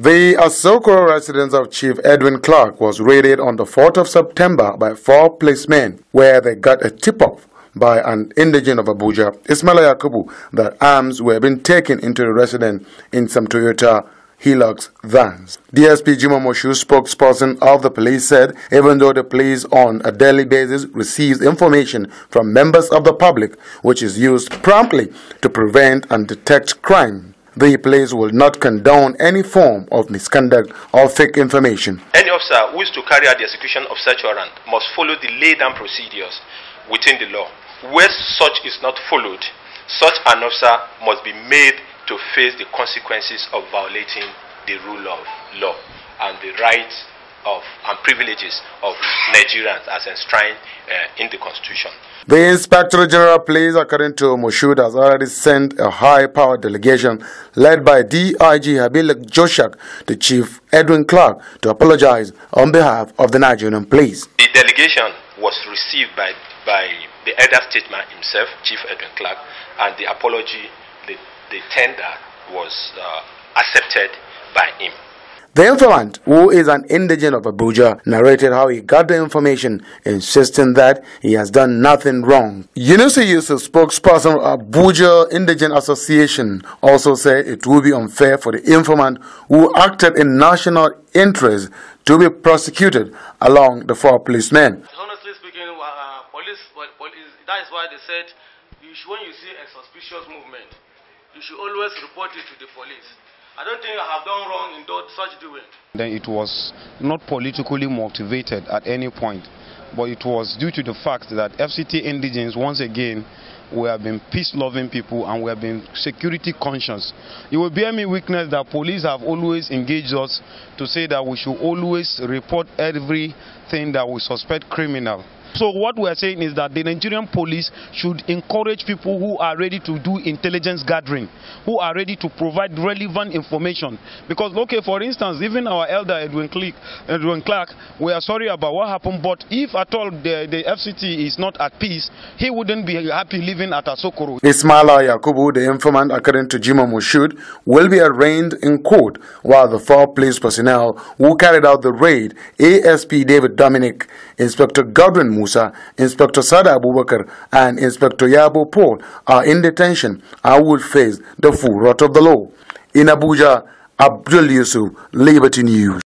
The Asoko residence of Chief Edwin Clark was raided on the 4th of September by four policemen, where they got a tip-off by an indigent of Abuja, Ismail Yakubu, that arms were being taken into the residence in some Toyota Hilux vans. DSP Juma Moshu, spokesperson of the police, said even though the police on a daily basis receives information from members of the public, which is used promptly to prevent and detect crime, the police will not condone any form of misconduct or fake information. Any officer who is to carry out the execution of such warrant must follow the laid down procedures within the law. Where such is not followed, such an officer must be made to face the consequences of violating the rule of law and the rights of and privileges of Nigerians as enshrined uh, in the Constitution. The Inspector General of Police, according to Mushud, has already sent a high-powered delegation led by DIG Habilek Joshak to Chief Edwin Clark to apologize on behalf of the Nigerian police. The delegation was received by, by the elder statesman himself, Chief Edwin Clark, and the apology, the, the tender was uh, accepted by him. The informant, who is an indigent of Abuja, narrated how he got the information, insisting that he has done nothing wrong. Yunusi Yusuf, spokesperson of Abuja Indigent Association, also said it would be unfair for the informant who acted in national interest to be prosecuted along the four policemen. Honestly speaking, uh, police, police, that is why they said you should, when you see a suspicious movement, you should always report it to the police. I don't think I have done wrong in such doing. Then it was not politically motivated at any point, but it was due to the fact that FCT indigents, once again, we have been peace-loving people and we have been security conscious. You will bear me witness that police have always engaged us to say that we should always report every that we suspect criminal. So what we are saying is that the Nigerian police should encourage people who are ready to do intelligence gathering, who are ready to provide relevant information. Because, okay, for instance, even our elder Edwin Clark, Edwin Clark we are sorry about what happened, but if at all the, the FCT is not at peace, he wouldn't be happy living at Asokoro. Ismaila Yakubu, the informant according to Jimo Mushud, will be arraigned in court, while the four police personnel who carried out the raid, ASP David Dominic, Inspector Godwin Musa, Inspector Sada Abubakar, and Inspector Yabo Paul are in detention and will face the full wrath of the law. In Abuja, Abdul Yusuf, Liberty News.